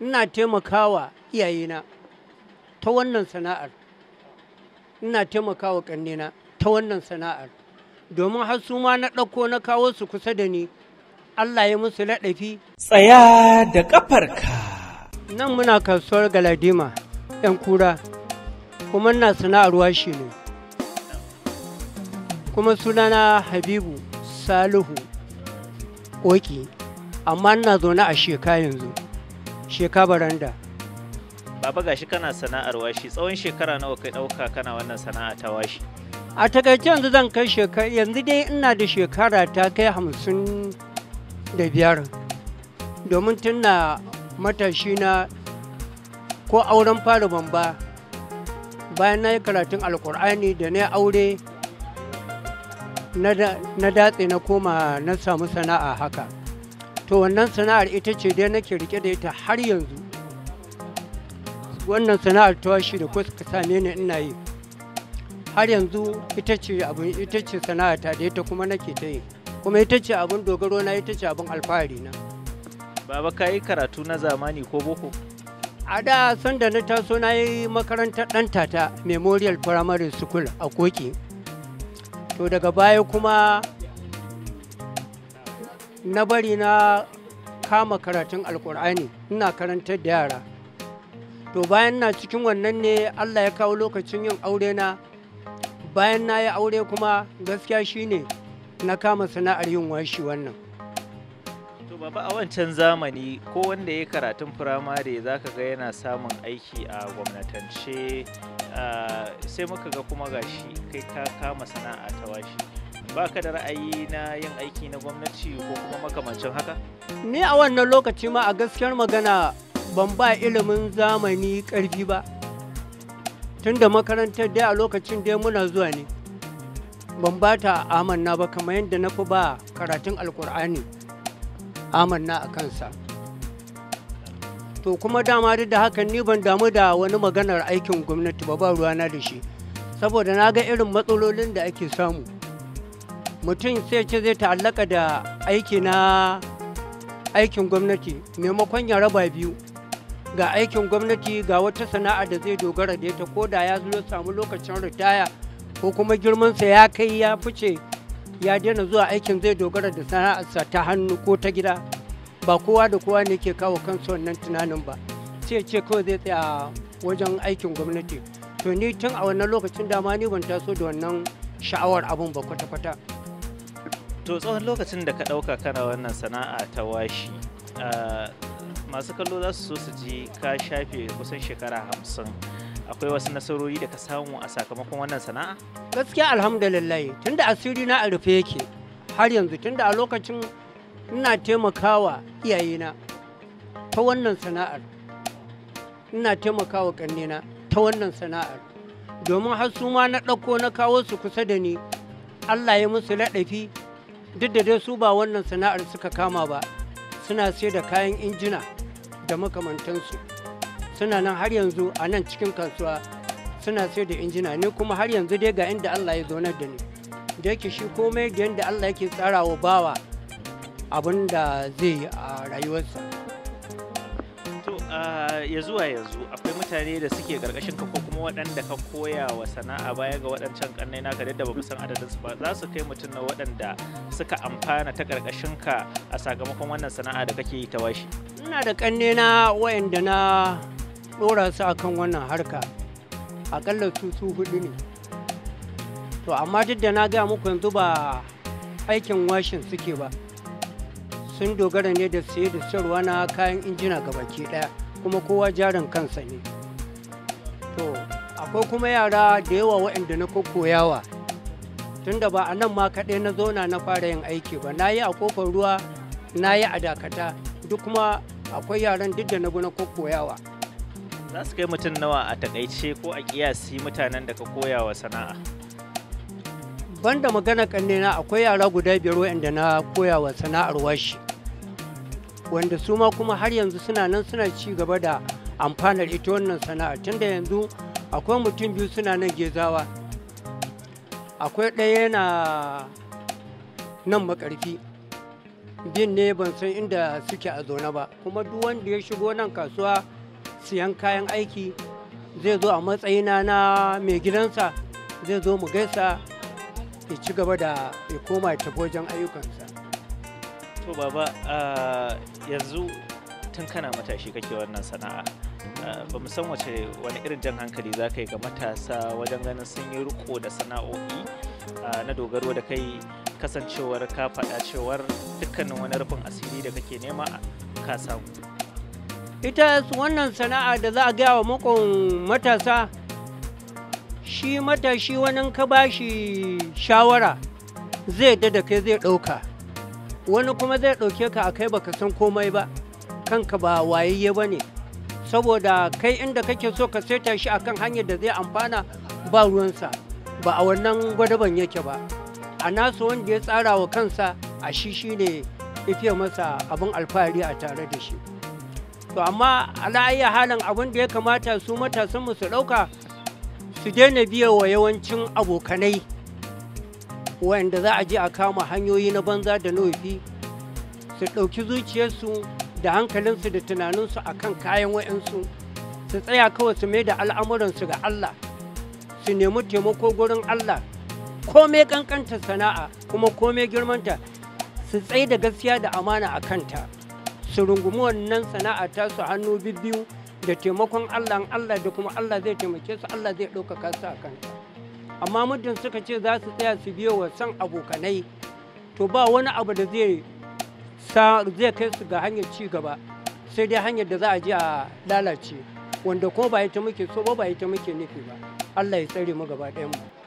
ina taimakawa iyayena ta wannan sana'ar ina taimakawa ƙannena ta wannan sana'ar domin har su ma na ɗauko na kawo su kusa da ni Allah ya musu laɗafi. Tsaya da ƙafarka. Nan muna kasuwar Galadima, ‘yan kura, kuma na sana'ar washi ne. Kuma sunana Habibu Salihu Oki, amma na zaune a sheka yanzu. Sheka Baranda. Baba gashi kana sana'ar washi tsawon shekara nawa kai ɗauka kana wannan sana'a ta washi. A takaice yanzu zan kai shekara yanzu dai ina da shekara ta kai hamsin da biyar domin tunna matashi na ko auren fara bamba bayan na yi karatun alkur'ani da na aure na datse na koma na samu sana'a haka. to wannan sana'ar ita ce dai nake rike da ita har yanzu wannan sana'ar tawashi da kusa suka same ni ina yi har yanzu ita ce abin ita ce ta da ita kuma nake ta yi kuma ita ce abin dogaro na ita ce abin alfahari na baba ka yi karatu na zamani ko boko a da sanda na taso na yi makarantar dan tata memorial primary school a koki to daga baya kuma na bari na kama karatun alkur'ani ina karantar da yara to bayan na cikin wannan ne allah ya kawo lokacin yin aure na bayan na yi aure kuma gaskiya shine na kama sana'ar yin washi wannan to baba a wancan zamani ko wanda ya karatun firamare za ka ga yana samun aiki a gwamnatance sai muka ga kuma gashi kai ka kama sana'a ta washi baka da ra'ayi na yin aiki na gwamnati ko kuma makamancin haka? Ni a wannan lokaci ma a gaskiyar magana ban ba ilimin zamani ƙarfi ba. Tunda makarantar dai a lokacin dai muna zuwa ne. Ban ba ta amanna ba kamar yadda na fi ba karatun alkur'ani amanna a kansa. To kuma dama da hakan ni ban damu da wani maganar aikin gwamnati ba ba ruwana da shi. Saboda na ga irin matsalolin da ake samu. mutum sai ce zai ta'allaka da aiki na aikin gwamnati maimakon ya raba biyu ga aikin gwamnati ga wata sana'a da zai dogara da ita ko da ya zo samu lokacin ritaya ko kuma girmansa ya kai ya fice ya daina zuwa aikin zai dogara da sana'arsa ta hannu ko ta gida ba kowa da kowa ne ke kawo kansa wannan tunanin ba sai ce kawai zai tsaya wajen aikin gwamnati to ni tun a wannan lokacin dama ni ban taso da wannan sha'awar abun ba kwata-kwata to tsawon lokacin da ka ɗauka kana wannan sana'a ta washi ah, masu kallo za su so su ji ka shafe kusan shekara hamsin akwai wasu nasarori da ka samu a sakamakon wannan sana'a? gaskiya alhamdulillah tun da asiri na a rufe yake har yanzu da a lokacin ina taimakawa iyayena ta wannan sana'ar ina taimakawa kannena ta wannan sana'ar domin har su ma na ɗauko na kawo su kusa da ni Allah ya musu laɗafi duk da dai su ba wannan sana'ar suka kama ba suna sai da kayan injina da makamantansu suna nan har yanzu a nan cikin kasuwa suna sai da injina ne kuma har yanzu dai ga inda Allah ya zonar da ni da yake shi komai da yadda Allah yake tsara wa bawa abin da zai yi a rayuwarsa Eh, ya zuwa yanzu akwai mutane da suke karkashin ka ko kuma waɗanda ka koya wa sana'a baya ga waɗancan kannai naka da ba san adadin su ba za su kai mutum na waɗanda suka amfana ta karkashin ka a sakamakon wannan sana'a da kake yi ta washi ina da kanne na waɗanda na dora su akan wannan harka akalla su su hudu ne to amma duk da na ga muku yanzu ba aikin washin suke ba sun dogara ne da saye da sayarwa na kayan injina gabaki daya kuma kowa jarin kansa ne to akwai kuma yara da yawa waɗanda na koyawa tunda ba a nan ma kaɗai na zauna na fara yin aiki ba na yi a kofar ruwa na yi a dakata duk kuma akwai yaran duk da na na koyawa za su kai mutum nawa a takaice ko a kiyasi mutanen da ka koya wa sana'a banda magana kanne na akwai yara guda biyar waɗanda na koya wa sana'ar washi wanda su ma kuma har yanzu suna nan suna ci gaba da amfanar ita wannan sana'a tunda yanzu akwai mutum biyu suna nan gezawa akwai ɗaya yana nan makarfi bin ne ban san inda suke a zaune ba kuma duk wanda ya shigo nan kasuwa siyan kayan aiki zai zo a matsayina na mai gidansa zai zo mu gaisa ya ci gaba da ya koma ya tafi wajen ayyukansa to baba yanzu tun kana matashi kake wannan sana'a ba mu san wace wani irin jan hankali za ka yi ga matasa wajen ganin sun yi riko da sana'o'i na dogaro da kai kasancewar ka faɗa cewar dukkanin wani rufin asiri da kake nema ka samu ita wannan sana'a da za a gaya wa makon matasa shi matashi wani ka bashi shawara zai da kai zai ɗauka wani kuma zai ɗauke ka a kai ba ka san komai ba kanka ba wayayye ba ne saboda kai inda kake so ka saita shi akan hanyar da zai amfana ba ruwansa ba a wannan gwadaban yake ba a nasu wanda ya tsara wa kansa a shi shine ifiya masa abin alfahari a tare da shi to amma ala'ayya halin abin da ya kamata su matasan su ɗauka su daina biya wa yawancin abokanai wayanda za a je a kama hanyoyi na banza da nufi su ɗauki zuciyarsu da hankalinsu da tunaninsu a kan kayan wayansu su tsaya kawai su mai da al'amuransu ga Allah su nemi taimako gurin Allah komai kankanta sana'a kuma komai girmanta su tsaye da gaskiya da amana a kanta su rungumi wannan sana'a ta su hannu biyu da taimakon Allah Allah da kuma Allah zai taimake su Allah zai ɗaukaka su a kanta. amma muddin suka ce za su tsaya su biyo wa san abokanai to ba wani abu da zai zai kai su ga hanyar ci gaba sai dai hanyar da za a je a lalace wanda kuma ba ita muke so ba ba ita muke nufi ba Allah ya tsare mu gaba ɗayan mu